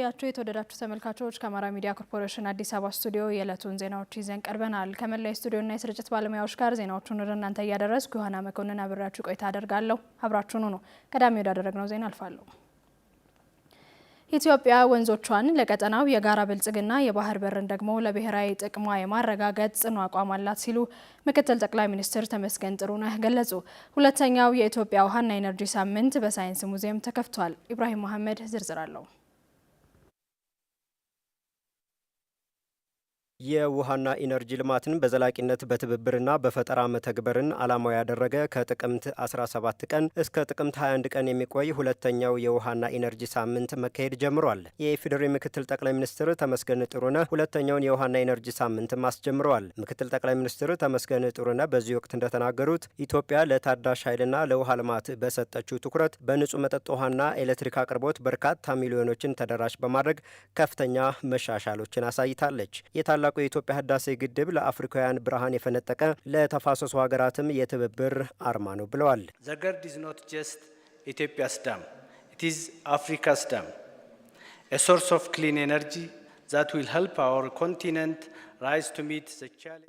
ስለቆያችሁ የተወደዳችሁ ተመልካቾች ከአማራ ሚዲያ ኮርፖሬሽን አዲስ አበባ ስቱዲዮ የዕለቱን ዜናዎች ይዘን ቀርበናል። ከመላይ ስቱዲዮና የስርጭት ባለሙያዎች ጋር ዜናዎቹን ወደ እናንተ እያደረስኩ ዮሐና መኮንን አብሬያችሁ ቆይታ አደርጋለሁ። አብራችሁን ነው። ቀዳሚ ወዳደረግነው ዜና አልፋለሁ። ኢትዮጵያ ወንዞቿን ለቀጠናው የጋራ ብልጽግና የባህር በርን ደግሞ ለብሔራዊ ጥቅሟ የማረጋገጥ ጽኑ አቋም አላት ሲሉ ምክትል ጠቅላይ ሚኒስትር ተመስገን ጥሩነህ ገለጹ። ሁለተኛው የኢትዮጵያ ውሃና ኤነርጂ ሳምንት በሳይንስ ሙዚየም ተከፍቷል። ኢብራሂም መሐመድ ዝርዝር አለው። የውሃና ኢነርጂ ልማትን በዘላቂነት በትብብርና በፈጠራ መተግበርን ዓላማው ያደረገ ከጥቅምት 17 ቀን እስከ ጥቅምት 21 ቀን የሚቆይ ሁለተኛው የውሃና ኢነርጂ ሳምንት መካሄድ ጀምሯል። የኢፌዴሪ ምክትል ጠቅላይ ሚኒስትር ተመስገን ጥሩነህ ሁለተኛውን የውሃና ኢነርጂ ሳምንትም አስጀምረዋል። ምክትል ጠቅላይ ሚኒስትር ተመስገን ጥሩነህ በዚህ ወቅት እንደተናገሩት ኢትዮጵያ ለታዳሽ ኃይልና ለውሃ ልማት በሰጠችው ትኩረት በንጹህ መጠጥ ውሃና ኤሌክትሪክ አቅርቦት በርካታ ሚሊዮኖችን ተደራሽ በማድረግ ከፍተኛ መሻሻሎችን አሳይታለች። የታላ ታላቁ የኢትዮጵያ ህዳሴ ግድብ ለአፍሪካውያን ብርሃን የፈነጠቀ ለተፋሰሱ ሀገራትም የትብብር አርማ ነው ብለዋል። ዘገርድ ኢዝ ኖት ጀስት ኢትዮጵያስ ዳም ኢት ኢዝ አፍሪካስ ዳም ኤ ሶርስ ኦፍ ክሊን ኤነርጂ ዛት ዊል ሄልፕ አወር ኮንቲነንት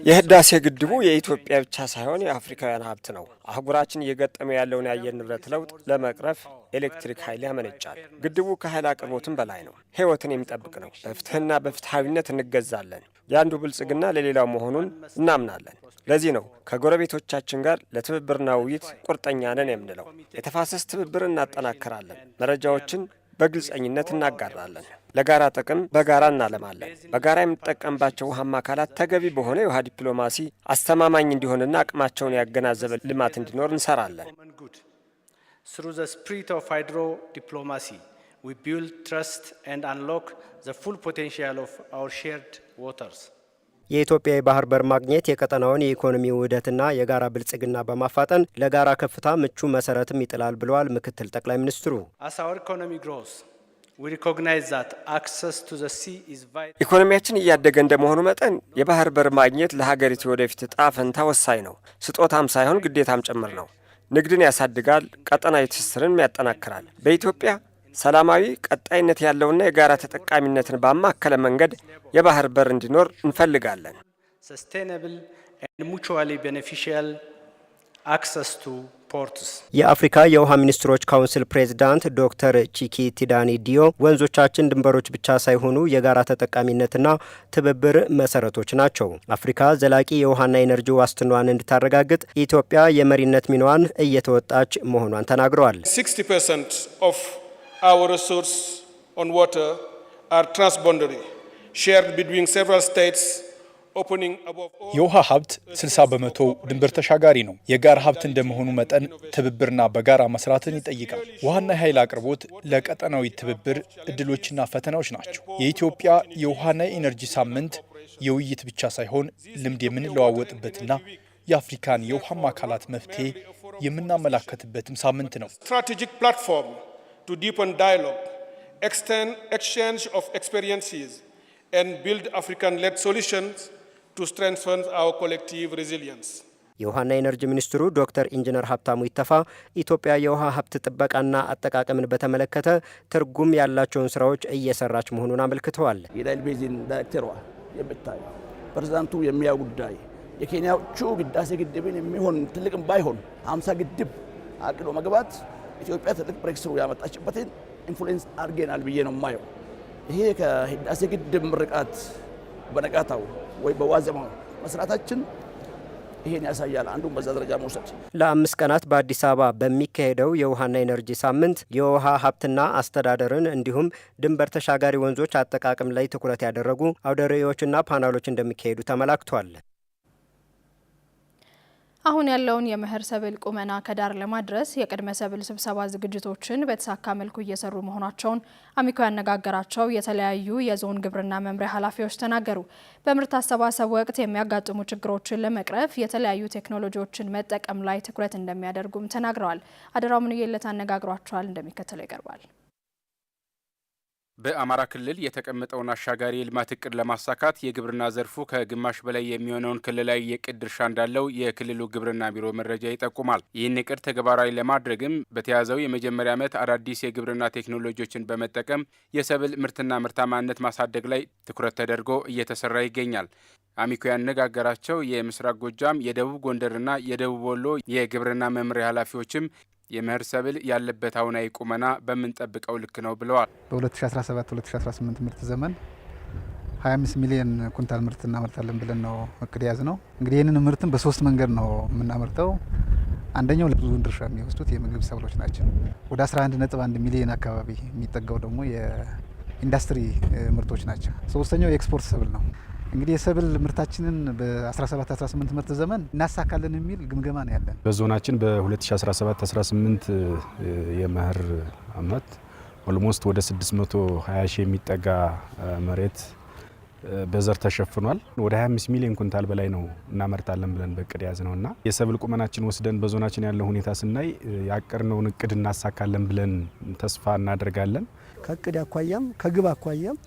የህዳሴ ግድቡ የኢትዮጵያ ብቻ ሳይሆን የአፍሪካውያን ሀብት ነው። አህጉራችን እየገጠመ ያለውን የአየር ንብረት ለውጥ ለመቅረፍ ኤሌክትሪክ ኃይል ያመነጫል። ግድቡ ከኃይል አቅርቦትም በላይ ነው፣ ህይወትን የሚጠብቅ ነው። በፍትህና በፍትሐዊነት እንገዛለን። የአንዱ ብልጽግና ለሌላው መሆኑን እናምናለን። ለዚህ ነው ከጎረቤቶቻችን ጋር ለትብብርና ውይይት ቁርጠኛ ነን የምንለው። የተፋሰስ ትብብር እናጠናክራለን። መረጃዎችን በግልጸኝነት እናጋራለን። ለጋራ ጥቅም በጋራ እናለማለን። በጋራ የምንጠቀምባቸው ውሃማ አካላት ተገቢ በሆነ የውሃ ዲፕሎማሲ አስተማማኝ እንዲሆንና አቅማቸውን ያገናዘበ ልማት እንዲኖር እንሰራለን። ዊ ቢልድ ትረስት ኤንድ አንሎክ ዘ ፉል ፖቴንሻል ኦፍ አወር ሼርድ ዋተርስ የኢትዮጵያ የባህር በር ማግኘት የቀጠናውን የኢኮኖሚ ውህደትና የጋራ ብልጽግና በማፋጠን ለጋራ ከፍታ ምቹ መሰረትም ይጥላል ብለዋል ምክትል ጠቅላይ ሚኒስትሩ። ኢኮኖሚያችን እያደገ እንደመሆኑ መጠን የባህር በር ማግኘት ለሀገሪቱ ወደፊት እጣ ፈንታ ወሳኝ ነው። ስጦታም ሳይሆን ግዴታም ጭምር ነው። ንግድን ያሳድጋል፣ ቀጠናዊ ትስስርን ያጠናክራል። በኢትዮጵያ ሰላማዊ፣ ቀጣይነት ያለውና የጋራ ተጠቃሚነትን ባማከለ መንገድ የባህር በር እንዲኖር እንፈልጋለን። ሰስቴናብል ኤንድ ሙቹዋሊ ቤኔፊሻል አክሰስ ቱ የአፍሪካ የውሃ ሚኒስትሮች ካውንስል ፕሬዝዳንት ዶክተር ቺኪ ቲዳኒ ዲዮ ወንዞቻችን ድንበሮች ብቻ ሳይሆኑ የጋራ ተጠቃሚነትና ትብብር መሰረቶች ናቸው። አፍሪካ ዘላቂ የውሃና ኤነርጂ ዋስትናዋን እንድታረጋግጥ ኢትዮጵያ የመሪነት ሚናዋን እየተወጣች መሆኗን ተናግረዋል። our resources on water are transboundary, shared between several states. የውሃ ሀብት 60 በመቶ ድንበር ተሻጋሪ ነው። የጋራ ሀብት እንደመሆኑ መጠን ትብብርና በጋራ መስራትን ይጠይቃል። ውሃና የኃይል አቅርቦት ለቀጠናዊ ትብብር እድሎችና ፈተናዎች ናቸው። የኢትዮጵያ የውሃና የኢነርጂ ሳምንት የውይይት ብቻ ሳይሆን ልምድ የምንለዋወጥበትና የአፍሪካን የውሃማ አካላት መፍትሄ የምናመላከትበትም ሳምንት ነው። to deepen dialogue, extend exchange of experiences, and build African-led solutions to strengthen our collective resilience. የውሃና ኤነርጂ ሚኒስትሩ ዶክተር ኢንጂነር ሀብታሙ ይተፋ ኢትዮጵያ የውሃ ሀብት ጥበቃና አጠቃቀምን በተመለከተ ትርጉም ያላቸውን ስራዎች እየሰራች መሆኑን አመልክተዋል። የናይል ቤዚን ዳይሬክተሯ የምታይ ፕሬዚዳንቱ የሚያ ጉዳይ የኬንያዎቹ ግዳሴ ግድብን የሚሆን ትልቅም ባይሆን ሀምሳ ግድብ አቅዶ መግባት ኢትዮጵያ ትልቅ ብሬክስሩ ያመጣችበትን ኢንፍሉዌንስ አድርጌናል ብዬ ነው የማየው። ይሄ ከህዳሴ ግድብ ምርቃት በነጋታው ወይ በዋዜማው መስራታችን ይሄን ያሳያል። አንዱ በዛ ደረጃ መውሰድ። ለአምስት ቀናት በአዲስ አበባ በሚካሄደው የውሃና ኤነርጂ ሳምንት የውሃ ሀብትና አስተዳደርን እንዲሁም ድንበር ተሻጋሪ ወንዞች አጠቃቀም ላይ ትኩረት ያደረጉ አውደ ርዕዮችና ፓናሎች እንደሚካሄዱ ተመላክቷል። አሁን ያለውን የመኸር ሰብል ቁመና ከዳር ለማድረስ የቅድመ ሰብል ስብሰባ ዝግጅቶችን በተሳካ መልኩ እየሰሩ መሆናቸውን አሚኮ ያነጋገራቸው የተለያዩ የዞን ግብርና መምሪያ ኃላፊዎች ተናገሩ። በምርት አሰባሰብ ወቅት የሚያጋጥሙ ችግሮችን ለመቅረፍ የተለያዩ ቴክኖሎጂዎችን መጠቀም ላይ ትኩረት እንደሚያደርጉም ተናግረዋል። አደራው ምንየለት አነጋግሯቸዋል፣ እንደሚከተለው ይቀርባል። በአማራ ክልል የተቀመጠውን አሻጋሪ የልማት እቅድ ለማሳካት የግብርና ዘርፉ ከግማሽ በላይ የሚሆነውን ክልላዊ የእቅድ ድርሻ እንዳለው የክልሉ ግብርና ቢሮ መረጃ ይጠቁማል። ይህን እቅድ ተግባራዊ ለማድረግም በተያዘው የመጀመሪያ ዓመት አዳዲስ የግብርና ቴክኖሎጂዎችን በመጠቀም የሰብል ምርትና ምርታማነት ማሳደግ ላይ ትኩረት ተደርጎ እየተሰራ ይገኛል። አሚኮ ያነጋገራቸው የምስራቅ ጎጃም፣ የደቡብ ጎንደርና የደቡብ ወሎ የግብርና መምሪያ ኃላፊዎችም የመኸር ሰብል ያለበት አሁናዊ ቁመና በምንጠብቀው ልክ ነው ብለዋል። በ2017/2018 ምርት ዘመን 25 ሚሊዮን ኩንታል ምርት እናመርታለን ብለን ነው እቅድ የያዝ ነው። እንግዲህ ይህንን ምርትን በሶስት መንገድ ነው የምናመርተው። አንደኛው ብዙውን ድርሻ የሚወስዱት የምግብ ሰብሎች ናቸው። ወደ 11.1 ሚሊዮን አካባቢ የሚጠጋው ደግሞ የኢንዱስትሪ ምርቶች ናቸው። ሶስተኛው የኤክስፖርት ሰብል ነው። እንግዲህ የሰብል ምርታችንን በ17 18 ምርት ዘመን እናሳካለን የሚል ግምገማ ነው ያለን። በዞናችን በ2017 18 የመኸር ኦልሞስት ወደ 620 ሺህ የሚጠጋ መሬት በዘር ተሸፍኗል። ወደ 25 ሚሊዮን ኩንታል በላይ ነው እናመርታለን ብለን በቅድ የያዝ ነው እና የሰብል ቁመናችን ወስደን በዞናችን ያለው ሁኔታ ስናይ ያቀድነውን እቅድ እናሳካለን ብለን ተስፋ እናደርጋለን። ከእቅድ አኳያም ከግብ አኳያም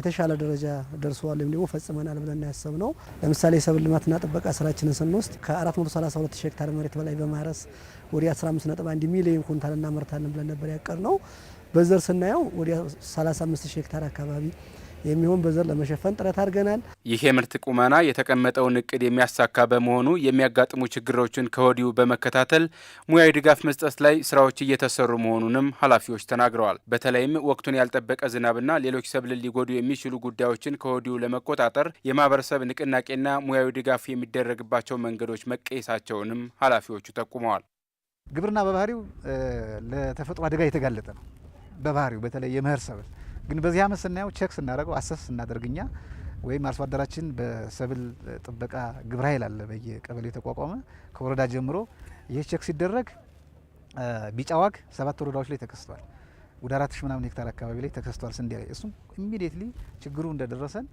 የተሻለ ደረጃ ደርሰዋል ወይም ደግሞ ፈጽመናል ብለን ያሰብ ነው። ለምሳሌ የሰብል ልማትና ጥበቃ ስራችንን ስንወስድ ከ432 ሄክታር መሬት በላይ በማረስ ወደ 15.1 ሚሊዮን ኩንታል እናመርታለን ብለን ነበር ያቀር ነው። በዘር ስናየው ወደ 35 ሄክታር አካባቢ የሚሆን በዘር ለመሸፈን ጥረት አድርገናል። ይህ የምርት ቁመና የተቀመጠውን እቅድ የሚያሳካ በመሆኑ የሚያጋጥሙ ችግሮችን ከወዲሁ በመከታተል ሙያዊ ድጋፍ መስጠት ላይ ስራዎች እየተሰሩ መሆኑንም ኃላፊዎች ተናግረዋል። በተለይም ወቅቱን ያልጠበቀ ዝናብና ሌሎች ሰብልን ሊጎዱ የሚችሉ ጉዳዮችን ከወዲሁ ለመቆጣጠር የማህበረሰብ ንቅናቄና ሙያዊ ድጋፍ የሚደረግባቸው መንገዶች መቀየሳቸውንም ኃላፊዎቹ ጠቁመዋል። ግብርና በባህሪው ለተፈጥሮ አደጋ የተጋለጠ ነው። በባህሪው በተለይ የመኸር ሰብል ግን በዚህ አመት ስናየው ቼክ ስናደርገው አሰስ ስናደርግኛ ወይም አርሶ አደራችን በሰብል ጥበቃ ግብረ ኃይል አለ በየቀበሌው የተቋቋመ ከወረዳ ጀምሮ ይህ ቼክ ሲደረግ ቢጫ ዋግ ሰባት ወረዳዎች ላይ ተከስቷል። ወደ አራት ሺ ምናምን ሄክታር አካባቢ ላይ ተከስቷል ስንዴ ላይ እሱም ኢሚዲየትሊ ችግሩ እንደደረሰን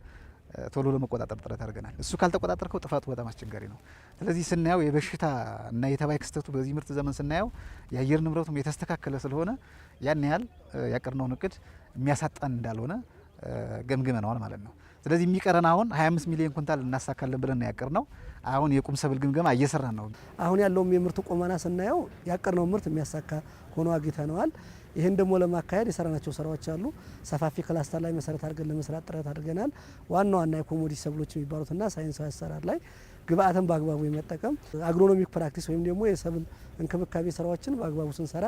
ቶሎ ለመቆጣጠር ጥረት አድርገናል። እሱ ካልተቆጣጠርከው ጥፋቱ በጣም አስቸጋሪ ነው። ስለዚህ ስናየው የበሽታ እና የተባይ ክስተቱ በዚህ ምርት ዘመን ስናየው የአየር ንብረቱም የተስተካከለ ስለሆነ ያን ያህል ያቀድነውን እቅድ የሚያሳጣን እንዳልሆነ ገምግመነዋል ማለት ነው። ስለዚህ የሚቀረን አሁን 25 ሚሊዮን ኩንታል እናሳካለን ብለን ያቀርነው አሁን የቁም ሰብል ግምገማ እየሰራን ነው። አሁን ያለውም የምርቱ ቁመና ስናየው ያቀርነው ምርት የሚያሳካ ሆኖ አግኝተነዋል። ይህን ደግሞ ለማካሄድ የሰራናቸው ስራዎች አሉ። ሰፋፊ ክላስተር ላይ መሰረት አድርገን ለመስራት ጥረት አድርገናል። ዋና ዋና የኮሞዲቲ ሰብሎች የሚባሉትና ሳይንሳዊ አሰራር ላይ ግብአትን በአግባቡ የመጠቀም አግሮኖሚክ ፕራክቲስ ወይም ደግሞ የሰብል እንክብካቤ ስራዎችን በአግባቡ ስንሰራ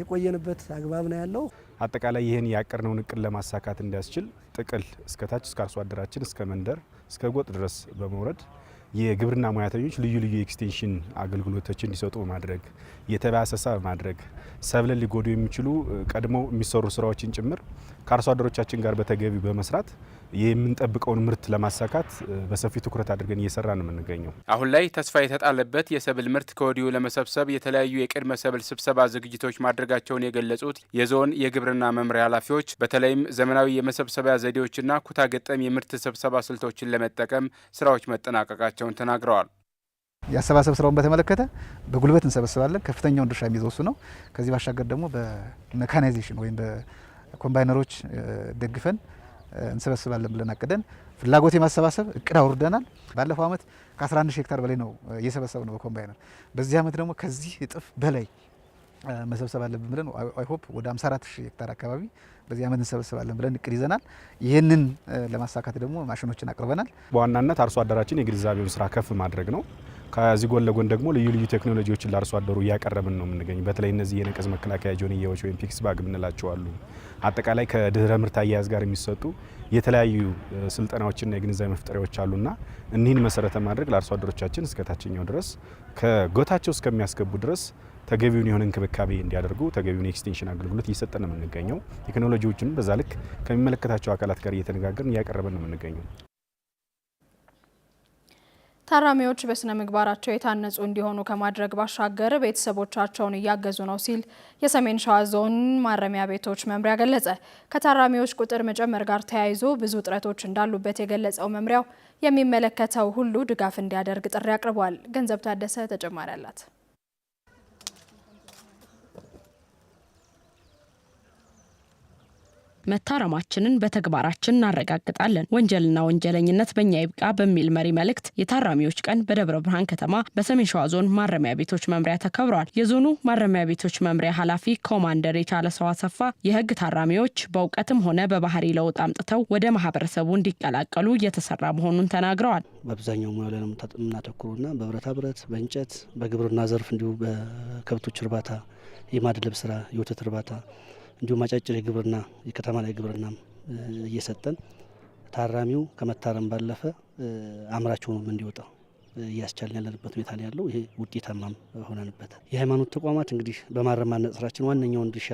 የቆየንበት አግባብ ነው ያለው። አጠቃላይ ይህን ያቀድነውን እቅድ ለማሳካት እንዲያስችል ጥቅል እስከታች እስከ አርሶ አደራችን እስከ መንደር እስከ ጎጥ ድረስ በመውረድ የግብርና ሙያተኞች ልዩ ልዩ ኤክስቴንሽን አገልግሎቶች እንዲሰጡ በማድረግ የተባሰሰ በማድረግ ሰብል ሊጎዱ የሚችሉ ቀድሞ የሚሰሩ ስራዎችን ጭምር ከአርሶ አደሮቻችን ጋር በተገቢ በመስራት የምንጠብቀውን ምርት ለማሳካት በሰፊ ትኩረት አድርገን እየሰራ ነው የምንገኘው። አሁን ላይ ተስፋ የተጣለበት የሰብል ምርት ከወዲሁ ለመሰብሰብ የተለያዩ የቅድመ ሰብል ስብሰባ ዝግጅቶች ማድረጋቸውን የገለጹት የዞን የግብርና መምሪያ ኃላፊዎች በተለይም ዘመናዊ የመሰብሰቢያ ዘዴዎችና ኩታ ገጠም የምርት ስብሰባ ስልቶችን ለመጠቀም ስራዎች መጠናቀቃቸውን ተናግረዋል። የአሰባሰብ ስራውን በተመለከተ በጉልበት እንሰበስባለን። ከፍተኛውን ድርሻ የሚይዘው እሱ ነው። ከዚህ ባሻገር ደግሞ በሜካናይዜሽን ወይም በኮምባይነሮች ደግፈን እንሰበስባለን ብለን አቅደን ፍላጎት የማሰባሰብ እቅድ አውርደናል። ባለፈው ዓመት ከ11 ሺህ ሄክታር በላይ ነው እየሰበሰብ ነው በኮምባይነር። በዚህ ዓመት ደግሞ ከዚህ እጥፍ በላይ መሰብሰብ አለብን ብለን አይሆፕ ወደ 54 ሺህ ሄክታር አካባቢ በዚህ ዓመት እንሰበስባለን ብለን እቅድ ይዘናል። ይህንን ለማሳካት ደግሞ ማሽኖችን አቅርበናል። በዋናነት አርሶ አደራችን የግንዛቤውን ስራ ከፍ ማድረግ ነው። ከዚህ ጎን ለጎን ደግሞ ልዩ ልዩ ቴክኖሎጂዎችን ለአርሶ አደሩ እያቀረብን ነው የምንገኝ። በተለይ እነዚህ የነቀዝ መከላከያ ጆንያዎች ወይም ፒክስ ባግ የምንላቸዋሉ አጠቃላይ ከድህረ ምርት አያያዝ ጋር የሚሰጡ የተለያዩ ስልጠናዎችና የግንዛቤ መፍጠሪያዎች አሉና እኒህን መሰረተ ማድረግ ለአርሶ አደሮቻችን እስከ ታችኛው ድረስ ከጎታቸው እስከሚያስገቡ ድረስ ተገቢውን የሆነ እንክብካቤ እንዲያደርጉ ተገቢውን የኤክስቴንሽን አገልግሎት እየሰጠን ነው የምንገኘው። ቴክኖሎጂዎችንም በዛ ልክ ከሚመለከታቸው አካላት ጋር እየተነጋገርን እያቀረበን ነው የምንገኘው። ታራሚዎች በስነ ምግባራቸው የታነጹ እንዲሆኑ ከማድረግ ባሻገር ቤተሰቦቻቸውን እያገዙ ነው ሲል የሰሜን ሸዋ ዞን ማረሚያ ቤቶች መምሪያ ገለጸ። ከታራሚዎች ቁጥር መጨመር ጋር ተያይዞ ብዙ ጥረቶች እንዳሉበት የገለጸው መምሪያው የሚመለከተው ሁሉ ድጋፍ እንዲያደርግ ጥሪ አቅርቧል። ገንዘብ ታደሰ ተጨማሪ አላት። መታረማችንን በተግባራችን እናረጋግጣለን። ወንጀልና ወንጀለኝነት በእኛ ይብቃ በሚል መሪ መልእክት የታራሚዎች ቀን በደብረ ብርሃን ከተማ በሰሜን ሸዋ ዞን ማረሚያ ቤቶች መምሪያ ተከብሯል። የዞኑ ማረሚያ ቤቶች መምሪያ ኃላፊ ኮማንደር የቻለ ሰው አሰፋ የህግ ታራሚዎች በእውቀትም ሆነ በባህሪ ለውጥ አምጥተው ወደ ማህበረሰቡ እንዲቀላቀሉ እየተሰራ መሆኑን ተናግረዋል። በአብዛኛው ሙያ ላይ ነው የምናተኩሩና በብረታ ብረት፣ በእንጨት፣ በግብርና ዘርፍ እንዲሁ በከብቶች እርባታ፣ የማድለብ ስራ፣ የወተት እርባታ እንዲሁም አጫጭር የግብርና የከተማ ላይ ግብርናም እየሰጠን ታራሚው ከመታረም ባለፈ አምራች ሆኖም እንዲወጣ እያስቻልን ያለንበት ሁኔታ ነው ያለው። ይሄ ውጤታማም ሆነንበታል። የሃይማኖት ተቋማት እንግዲህ በማረም ስራችን ዋነኛውን ድርሻ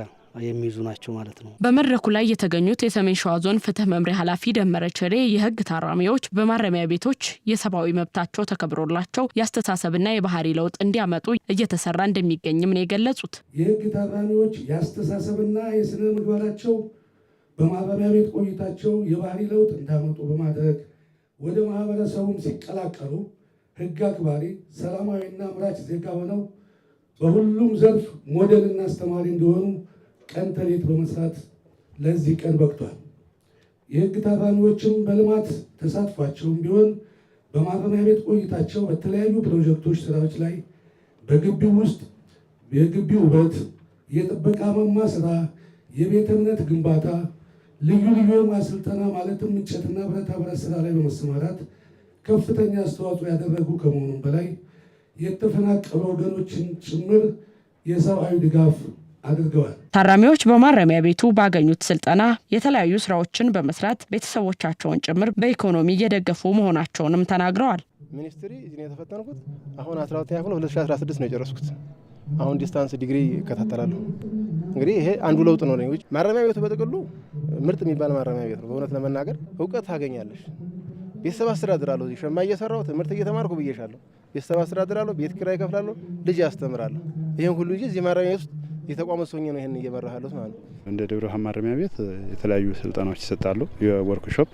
የሚይዙ ናቸው ማለት ነው። በመድረኩ ላይ የተገኙት የሰሜን ሸዋ ዞን ፍትህ መምሪያ ኃላፊ ደመረ ቸሬ የህግ ታራሚዎች በማረሚያ ቤቶች የሰብአዊ መብታቸው ተከብሮላቸው የአስተሳሰብና የባህሪ ለውጥ እንዲያመጡ እየተሰራ እንደሚገኝም ነው የገለጹት። የህግ ታራሚዎች የአስተሳሰብና የስነ ምግባራቸው በማረሚያ ቤት ቆይታቸው የባህሪ ለውጥ እንዳመጡ በማድረግ ወደ ማህበረሰቡም ሲቀላቀሉ ህግ አክባሪ ሰላማዊና አምራች ዜጋ ሆነው በሁሉም ዘርፍ ሞዴልና አስተማሪ እንደሆኑ። ቀን ተሌት በመስራት ለዚህ ቀን በቅቷል። የህግ ታራሚዎችም በልማት ተሳትፏቸውም ቢሆን በማረሚያ ቤት ቆይታቸው በተለያዩ ፕሮጀክቶች ስራዎች ላይ በግቢው ውስጥ የግቢ ውበት፣ የጥበቃ መማ ስራ፣ የቤተ እምነት ግንባታ፣ ልዩ ልዩ የማስልጠና ማለትም እንጨትና ብረታ ብረት ስራ ላይ በመሰማራት ከፍተኛ አስተዋጽኦ ያደረጉ ከመሆኑም በላይ የተፈናቀሉ ወገኖችን ጭምር የሰብአዊ ድጋፍ አድርገዋል። ታራሚዎች በማረሚያ ቤቱ ባገኙት ስልጠና የተለያዩ ስራዎችን በመስራት ቤተሰቦቻቸውን ጭምር በኢኮኖሚ እየደገፉ መሆናቸውንም ተናግረዋል። ሚኒስትሪ እዚህ ነው የተፈተንኩት። አሁን 12 ያፍለ 2016 ነው የጨረስኩት። አሁን ዲስታንስ ዲግሪ ይከታተላለሁ። እንግዲህ ይሄ አንዱ ለውጥ ነው። ሌሎች ማረሚያ ቤቱ በጥቅሉ ምርጥ የሚባል ማረሚያ ቤት ነው። በእውነት ለመናገር እውቀት ታገኛለሽ። ቤተሰብ አስተዳድራለሁ። እዚህ ሸማ እየሰራሁ ትምህርት እየተማርኩ ብዬሻለሁ። ቤተሰብ አስተዳድራለሁ፣ ቤት ኪራይ እከፍላለሁ፣ ልጅ ያስተምራለሁ። ይህን ሁሉ ጊዜ እዚህ ማረሚያ ቤት ውስጥ የተቋሙ ሰው ነው ይሄን እየመራሃለሁ ማለት ነው። እንደ ደብረ ብርሃን ማረሚያ ቤት የተለያዩ ስልጠናዎች ይሰጣሉ። የወርክሾፕ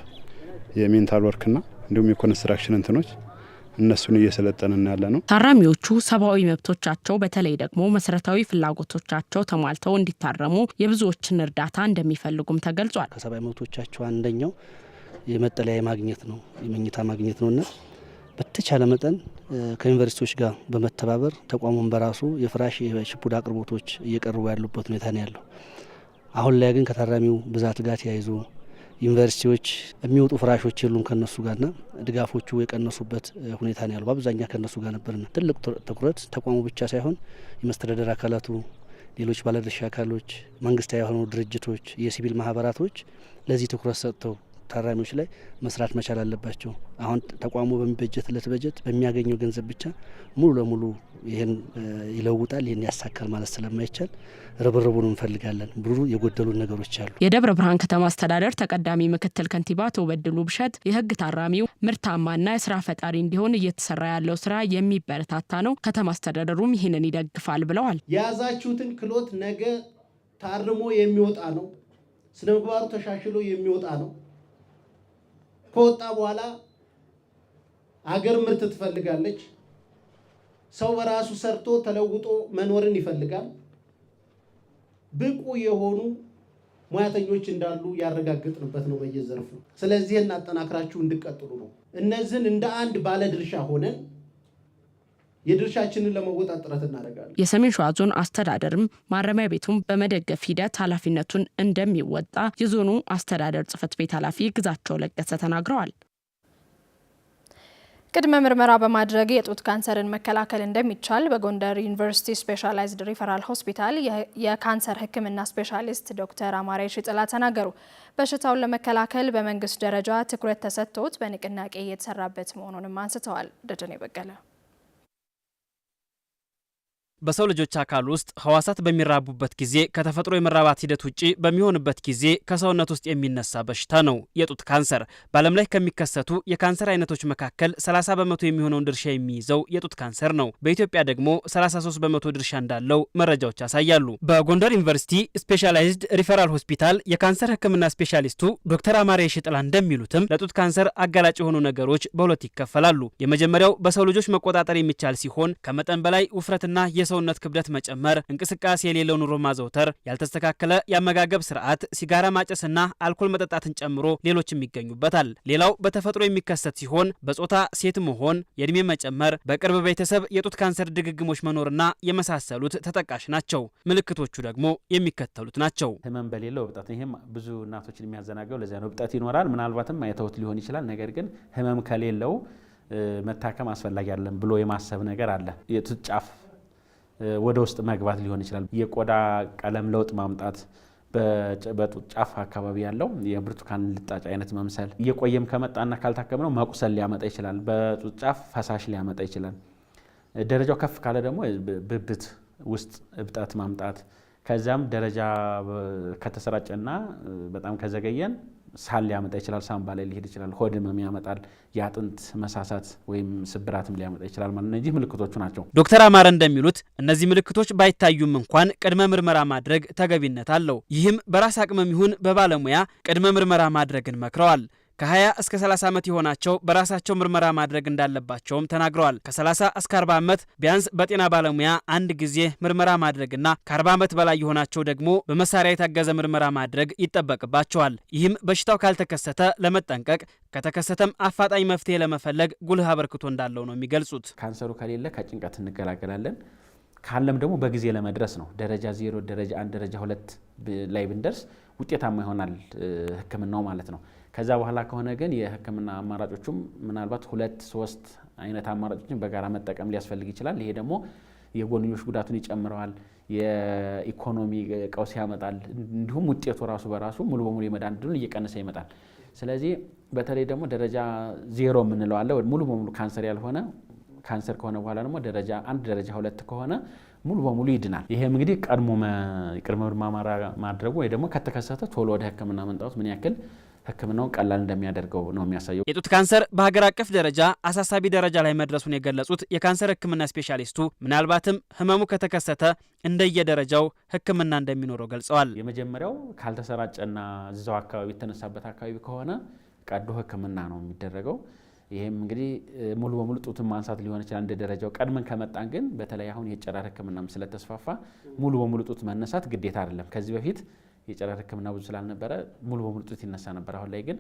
የሜንታል ወርክና እንዲሁም የኮንስትራክሽን እንትኖች እነሱን እየሰለጠንን ያለ ነው። ታራሚዎቹ ሰብአዊ መብቶቻቸው በተለይ ደግሞ መሰረታዊ ፍላጎቶቻቸው ተሟልተው እንዲታረሙ የብዙዎችን እርዳታ እንደሚፈልጉም ተገልጿል። ከሰብአዊ መብቶቻቸው አንደኛው የመጠለያ ማግኘት ነው፣ የመኝታ ማግኘት እና በተቻለ መጠን ከዩኒቨርሲቲዎች ጋር በመተባበር ተቋሙን በራሱ የፍራሽ የሽፑድ አቅርቦቶች እየቀርቡ ያሉበት ሁኔታ ነው ያለው። አሁን ላይ ግን ከታራሚው ብዛት ጋር ተያይዞ ዩኒቨርሲቲዎች የሚወጡ ፍራሾች የሉም ከነሱ ጋርና ድጋፎቹ የቀነሱበት ሁኔታ ነው ያሉ። በአብዛኛ ከነሱ ጋር ነበርና ትልቅ ትኩረት ተቋሙ ብቻ ሳይሆን የመስተዳደር አካላቱ፣ ሌሎች ባለድርሻ አካሎች፣ መንግስታዊ የሆኑ ድርጅቶች፣ የሲቪል ማህበራቶች ለዚህ ትኩረት ሰጥተው ታራሚዎች ላይ መስራት መቻል አለባቸው። አሁን ተቋሙ በሚበጀትለት በጀት በሚያገኘው ገንዘብ ብቻ ሙሉ ለሙሉ ይህን ይለውጣል፣ ይህን ያሳካል ማለት ስለማይቻል ርብርቡን እንፈልጋለን። ብዙ የጎደሉ ነገሮች አሉ። የደብረ ብርሃን ከተማ አስተዳደር ተቀዳሚ ምክትል ከንቲባ ተወበድሉ ብሸት የህግ ታራሚው ምርታማና የስራ ፈጣሪ እንዲሆን እየተሰራ ያለው ስራ የሚበረታታ ነው፣ ከተማ አስተዳደሩም ይህንን ይደግፋል ብለዋል። የያዛችሁትን ክሎት ነገ ታርሞ የሚወጣ ነው። ስነ ምግባሩ ተሻሽሎ የሚወጣ ነው። ከወጣ በኋላ አገር ምርት ትፈልጋለች። ሰው በራሱ ሰርቶ ተለውጦ መኖርን ይፈልጋል። ብቁ የሆኑ ሙያተኞች እንዳሉ ያረጋግጥንበት ነው በየዘርፉ። ስለዚህ እናጠናክራችሁ እንድቀጥሉ ነው። እነዚህን እንደ አንድ ባለድርሻ ሆነን የድርሻችንን ለመወጣት ጥረት እናደርጋለን። የሰሜን ሸዋ ዞን አስተዳደርም ማረሚያ ቤቱን በመደገፍ ሂደት ኃላፊነቱን እንደሚወጣ የዞኑ አስተዳደር ጽሕፈት ቤት ኃላፊ ግዛቸው ለገሰ ተናግረዋል። ቅድመ ምርመራ በማድረግ የጡት ካንሰርን መከላከል እንደሚቻል በጎንደር ዩኒቨርሲቲ ስፔሻላይዝድ ሪፈራል ሆስፒታል የካንሰር ሕክምና ስፔሻሊስት ዶክተር አማሬ ሽጥላ ተናገሩ። በሽታውን ለመከላከል በመንግስት ደረጃ ትኩረት ተሰጥቶት በንቅናቄ እየተሰራበት መሆኑንም አንስተዋል። ደጀኔ በቀለ በሰው ልጆች አካል ውስጥ ህዋሳት በሚራቡበት ጊዜ ከተፈጥሮ የመራባት ሂደት ውጪ በሚሆንበት ጊዜ ከሰውነት ውስጥ የሚነሳ በሽታ ነው የጡት ካንሰር። በዓለም ላይ ከሚከሰቱ የካንሰር አይነቶች መካከል 30 በመቶ የሚሆነውን ድርሻ የሚይዘው የጡት ካንሰር ነው። በኢትዮጵያ ደግሞ 33 በመቶ ድርሻ እንዳለው መረጃዎች ያሳያሉ። በጎንደር ዩኒቨርሲቲ ስፔሻላይዝድ ሪፈራል ሆስፒታል የካንሰር ሕክምና ስፔሻሊስቱ ዶክተር አማሬ ሽጥላ እንደሚሉትም ለጡት ካንሰር አጋላጭ የሆኑ ነገሮች በሁለት ይከፈላሉ። የመጀመሪያው በሰው ልጆች መቆጣጠር የሚቻል ሲሆን ከመጠን በላይ ውፍረትና የሰውነት ክብደት መጨመር፣ እንቅስቃሴ የሌለው ኑሮ ማዘውተር፣ ያልተስተካከለ የአመጋገብ ስርዓት፣ ሲጋራ ማጨስና አልኮል መጠጣትን ጨምሮ ሌሎችም ይገኙበታል። ሌላው በተፈጥሮ የሚከሰት ሲሆን በጾታ ሴት መሆን፣ የእድሜ መጨመር፣ በቅርብ ቤተሰብ የጡት ካንሰር ድግግሞች መኖርና የመሳሰሉት ተጠቃሽ ናቸው። ምልክቶቹ ደግሞ የሚከተሉት ናቸው። ህመም በሌለው እብጠት፣ ይህም ብዙ እናቶችን የሚያዘናገው ለዚያ ነው። እብጠት ይኖራል፣ ምናልባትም አይተውት ሊሆን ይችላል። ነገር ግን ህመም ከሌለው መታከም አስፈላጊ አለን ብሎ የማሰብ ነገር አለ። የጡት ጫፍ ወደ ውስጥ መግባት ሊሆን ይችላል። የቆዳ ቀለም ለውጥ ማምጣት በጡት ጫፍ አካባቢ ያለው የብርቱካን ልጣጭ አይነት መምሰል እየቆየም ከመጣና ካልታከምነው መቁሰል ሊያመጣ ይችላል። በጡት ጫፍ ፈሳሽ ሊያመጣ ይችላል። ደረጃው ከፍ ካለ ደግሞ ብብት ውስጥ እብጠት ማምጣት ከዚያም ደረጃ ከተሰራጨና በጣም ከዘገየን ሳል ሊያመጣ ይችላል። ሳምባ ላይ ሊሄድ ይችላል። ሆድ ህመም ያመጣል። የአጥንት መሳሳት ወይም ስብራትም ሊያመጣ ይችላል ማለት ነው። እነዚህ ምልክቶቹ ናቸው። ዶክተር አማረ እንደሚሉት እነዚህ ምልክቶች ባይታዩም እንኳን ቅድመ ምርመራ ማድረግ ተገቢነት አለው። ይህም በራስ አቅመም ይሁን በባለሙያ ቅድመ ምርመራ ማድረግን መክረዋል። ከ20 እስከ 30 ዓመት የሆናቸው በራሳቸው ምርመራ ማድረግ እንዳለባቸውም ተናግረዋል። ከ30 እስከ 40 ዓመት ቢያንስ በጤና ባለሙያ አንድ ጊዜ ምርመራ ማድረግና ከ40 ዓመት በላይ የሆናቸው ደግሞ በመሳሪያ የታገዘ ምርመራ ማድረግ ይጠበቅባቸዋል። ይህም በሽታው ካልተከሰተ ለመጠንቀቅ ከተከሰተም አፋጣኝ መፍትሄ ለመፈለግ ጉልህ አበርክቶ እንዳለው ነው የሚገልጹት። ካንሰሩ ከሌለ ከጭንቀት እንገላገላለን፣ ካለም ደግሞ በጊዜ ለመድረስ ነው። ደረጃ ዜሮ፣ ደረጃ አንድ፣ ደረጃ ሁለት ላይ ብንደርስ ውጤታማ ይሆናል ህክምናው ማለት ነው። ከዛ በኋላ ከሆነ ግን የህክምና አማራጮቹም ምናልባት ሁለት ሶስት አይነት አማራጮችን በጋራ መጠቀም ሊያስፈልግ ይችላል። ይሄ ደግሞ የጎንዮሽ ጉዳቱን ይጨምረዋል፣ የኢኮኖሚ ቀውስ ያመጣል፣ እንዲሁም ውጤቱ ራሱ በራሱ ሙሉ በሙሉ የመዳን ዕድሉን እየቀነሰ ይመጣል። ስለዚህ በተለይ ደግሞ ደረጃ ዜሮ የምንለው አለ፣ ሙሉ በሙሉ ካንሰር ያልሆነ ካንሰር ከሆነ በኋላ ደግሞ ደረጃ አንድ ደረጃ ሁለት ከሆነ ሙሉ በሙሉ ይድናል። ይሄም እንግዲህ ቀድሞ ቅድመ ምርመራ ማድረጉ ወይ ደግሞ ከተከሰተ ቶሎ ወደ ህክምና መምጣቱ ምን ያክል ህክምናውን ቀላል እንደሚያደርገው ነው የሚያሳየው። የጡት ካንሰር በሀገር አቀፍ ደረጃ አሳሳቢ ደረጃ ላይ መድረሱን የገለጹት የካንሰር ህክምና ስፔሻሊስቱ ምናልባትም ህመሙ ከተከሰተ እንደየደረጃው ህክምና እንደሚኖረው ገልጸዋል። የመጀመሪያው ካልተሰራጨና እዛው አካባቢ የተነሳበት አካባቢ ከሆነ ቀዶ ህክምና ነው የሚደረገው። ይህም እንግዲህ ሙሉ በሙሉ ጡትን ማንሳት ሊሆን ይችላል እንደ ደረጃው። ቀድመን ከመጣን ግን በተለይ አሁን የጨረር ህክምናም ስለተስፋፋ ሙሉ በሙሉ ጡት መነሳት ግዴታ አይደለም። ከዚህ በፊት የጨረር ሕክምና ብዙ ስላልነበረ ሙሉ በሙሉ ጡት ይነሳ ነበር። አሁን ላይ ግን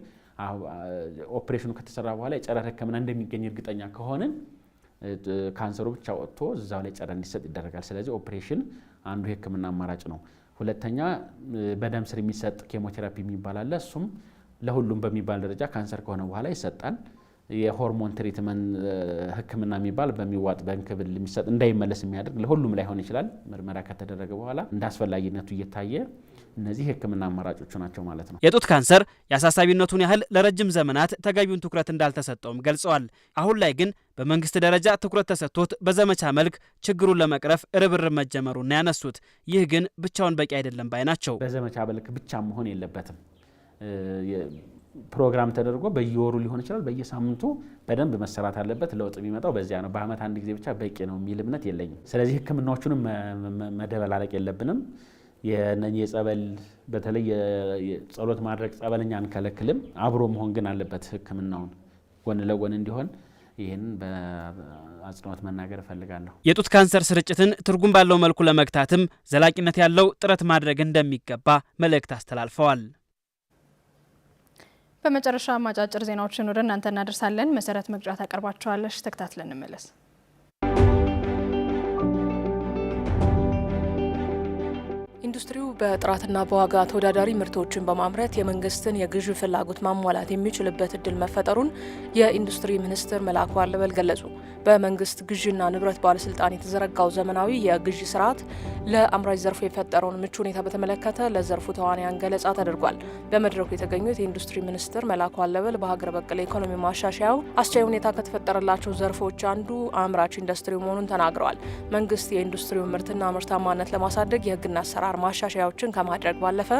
ኦፕሬሽኑ ከተሰራ በኋላ የጨረር ሕክምና እንደሚገኝ እርግጠኛ ከሆንን ካንሰሩ ብቻ ወጥቶ እዛው ላይ ጨረር እንዲሰጥ ይደረጋል። ስለዚህ ኦፕሬሽን አንዱ የሕክምና አማራጭ ነው። ሁለተኛ በደም ስር የሚሰጥ ኬሞቴራፒ የሚባል አለ። እሱም ለሁሉም በሚባል ደረጃ ካንሰር ከሆነ በኋላ ይሰጣል። የሆርሞን ትሪትመንት ህክምና የሚባል በሚዋጥ በእንክብል የሚሰጥ እንዳይመለስ የሚያደርግ ለሁሉም ላይሆን ይችላል። ምርመራ ከተደረገ በኋላ እንደ አስፈላጊነቱ እየታየ እነዚህ ህክምና አማራጮቹ ናቸው ማለት ነው። የጡት ካንሰር የአሳሳቢነቱን ያህል ለረጅም ዘመናት ተገቢውን ትኩረት እንዳልተሰጠውም ገልጸዋል። አሁን ላይ ግን በመንግስት ደረጃ ትኩረት ተሰጥቶት በዘመቻ መልክ ችግሩን ለመቅረፍ ርብርብ መጀመሩና ያነሱት ይህ ግን ብቻውን በቂ አይደለም ባይ ናቸው። በዘመቻ መልክ ብቻ መሆን የለበትም ፕሮግራም ተደርጎ በየወሩ ሊሆን ይችላል፣ በየሳምንቱ በደንብ መሰራት አለበት። ለውጥ የሚመጣው በዚያ ነው። በአመት አንድ ጊዜ ብቻ በቂ ነው የሚል እምነት የለኝም። ስለዚህ ሕክምናዎቹንም መደበላለቅ የለብንም። የጸበል በተለይ የጸሎት ማድረግ ጸበለኛ አንከለክልም። አብሮ መሆን ግን አለበት ህክምናውን ጎን ለጎን እንዲሆን ይህን በአጽንኦት መናገር እፈልጋለሁ። የጡት ካንሰር ስርጭትን ትርጉም ባለው መልኩ ለመግታትም ዘላቂነት ያለው ጥረት ማድረግ እንደሚገባ መልእክት አስተላልፈዋል። በመጨረሻ አጫጭር ዜናዎችን ወደ እናንተ እናደርሳለን። መሰረት መግጫት አቀርባቸዋለች ተከታትለን እንመለስ። ኢንዱስትሪው በጥራትና በዋጋ ተወዳዳሪ ምርቶችን በማምረት የመንግስትን የግዥ ፍላጎት ማሟላት የሚችልበት እድል መፈጠሩን የኢንዱስትሪ ሚኒስትር መላኩ አለበል ገለጹ። በመንግስት ግዥና ንብረት ባለስልጣን የተዘረጋው ዘመናዊ የግዢ ስርዓት ለአምራች ዘርፉ የፈጠረውን ምቹ ሁኔታ በተመለከተ ለዘርፉ ተዋንያን ገለጻ ተደርጓል። በመድረኩ የተገኙት የኢንዱስትሪ ሚኒስትር መላኩ አለበል በሀገር በቀል ኢኮኖሚ ማሻሻያው አስቻይ ሁኔታ ከተፈጠረላቸው ዘርፎች አንዱ አምራች ኢንዱስትሪ መሆኑን ተናግረዋል። መንግስት የኢንዱስትሪውን ምርትና ምርታማነት ለማሳደግ የህግና አሰራር አሰራር ማሻሻያዎችን ከማድረግ ባለፈ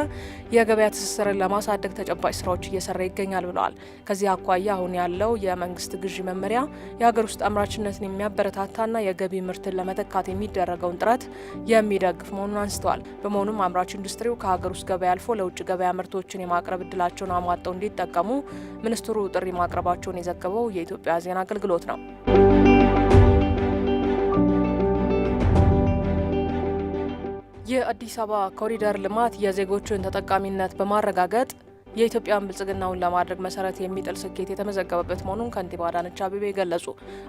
የገበያ ትስስርን ለማሳደግ ተጨባጭ ስራዎች እየሰራ ይገኛል ብለዋል። ከዚህ አኳያ አሁን ያለው የመንግስት ግዢ መመሪያ የሀገር ውስጥ አምራችነትን የሚያበረታታና የገቢ ምርትን ለመተካት የሚደረገውን ጥረት የሚደግፍ መሆኑን አንስተዋል። በመሆኑም አምራች ኢንዱስትሪው ከሀገር ውስጥ ገበያ አልፎ ለውጭ ገበያ ምርቶችን የማቅረብ እድላቸውን አሟጠው እንዲጠቀሙ ሚኒስትሩ ጥሪ ማቅረባቸውን የዘገበው የኢትዮጵያ ዜና አገልግሎት ነው። የአዲስ አበባ ኮሪደር ልማት የዜጎችን ተጠቃሚነት በማረጋገጥ የኢትዮጵያን ብልጽግናውን ለማድረግ መሰረት የሚጥል ስኬት የተመዘገበበት መሆኑን ከንቲባ አዳነች አቤቤ ገለጹ።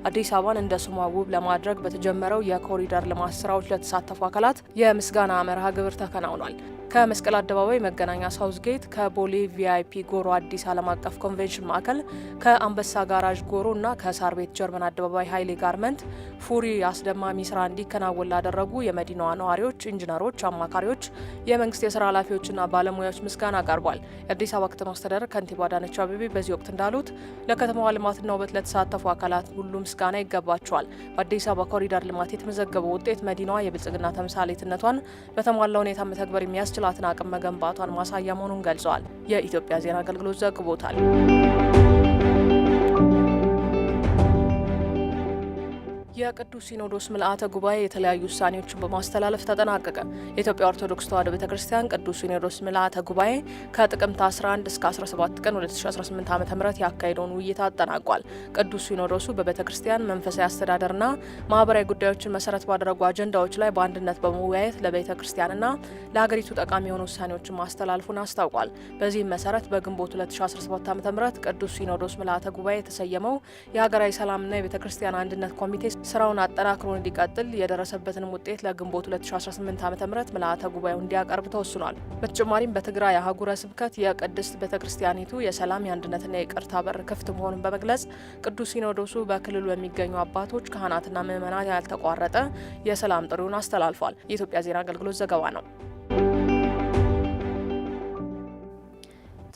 አዲስ አበባን እንደ ስሟ ውብ ለማድረግ በተጀመረው የኮሪደር ልማት ስራዎች ለተሳተፉ አካላት የምስጋና መርሃ ግብር ተከናውኗል። ከመስቀል አደባባይ መገናኛ ሳውዝ ጌት፣ ከቦሌ ቪአይፒ ጎሮ አዲስ ዓለም አቀፍ ኮንቬንሽን ማዕከል፣ ከአንበሳ ጋራዥ ጎሮ እና ከሳር ቤት ጀርመን አደባባይ ኃይሌ ጋርመንት ፉሪ አስደማሚ ስራ እንዲከናወን ላደረጉ የመዲናዋ ነዋሪዎች፣ ኢንጂነሮች፣ አማካሪዎች፣ የመንግስት የስራ ኃላፊዎችና ባለሙያዎች ምስጋና ቀርቧል። የአዲስ አበባ ከተማ አስተዳደር ከንቲባ አዳነች አቤቤ በዚህ ወቅት እንዳሉት ለከተማዋ ልማትና ውበት ለተሳተፉ አካላት ሁሉ ምስጋና ይገባቸዋል። በአዲስ አበባ ኮሪደር ልማት የተመዘገበው ውጤት መዲናዋ የብልጽግና ተምሳሌትነቷን በተሟላ ሁኔታ መተግበር የሚያስችል የጠላትን አቅም መገንባቷን ማሳያ መሆኑን ገልጸዋል። የኢትዮጵያ ዜና አገልግሎት ዘግቦታል። የቅዱስ ሲኖዶስ ምልአተ ጉባኤ የተለያዩ ውሳኔዎችን በማስተላለፍ ተጠናቀቀ። የኢትዮጵያ ኦርቶዶክስ ተዋሕዶ ቤተ ክርስቲያን ቅዱስ ሲኖዶስ ምልአተ ጉባኤ ከጥቅምት 11 እስከ 17 ቀን 2018 ዓ ም ያካሄደውን ውይይት አጠናቋል። ቅዱስ ሲኖዶሱ በቤተ ክርስቲያን መንፈሳዊ አስተዳደርና ማህበራዊ ጉዳዮችን መሰረት ባደረጉ አጀንዳዎች ላይ በአንድነት በመወያየት ለቤተ ክርስቲያንና ለሀገሪቱ ጠቃሚ የሆኑ ውሳኔዎችን ማስተላለፉን አስታውቋል። በዚህም መሰረት በግንቦት 2017 ዓ ም ቅዱስ ሲኖዶስ ምልአተ ጉባኤ የተሰየመው የሀገራዊ ሰላምና የቤተ ክርስቲያን አንድነት ኮሚቴ ስራውን አጠናክሮ እንዲቀጥል የደረሰበትንም ውጤት ለግንቦት 2018 ዓ ም ምልአተ ጉባኤው እንዲያቀርብ ተወስኗል። በተጨማሪም በትግራይ አህጉረ ስብከት የቅድስት ቤተ ክርስቲያኒቱ የሰላም የአንድነትና የቅርታ በር ክፍት መሆኑን በመግለጽ ቅዱስ ሲኖዶሱ በክልሉ የሚገኙ አባቶች፣ ካህናትና ምዕመናት ያልተቋረጠ የሰላም ጥሪውን አስተላልፏል። የኢትዮጵያ ዜና አገልግሎት ዘገባ ነው።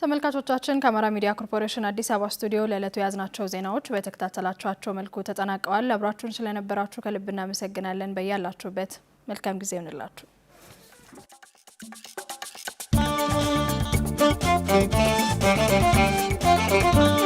ተመልካቾቻችን ከአማራ ሚዲያ ኮርፖሬሽን አዲስ አበባ ስቱዲዮ ለዕለቱ የያዝናቸው ዜናዎች በተከታተላችኋቸው መልኩ ተጠናቀዋል። አብራችሁን ስለነበራችሁ ከልብ እናመሰግናለን። በያላችሁበት መልካም ጊዜ ይሆንላችሁ።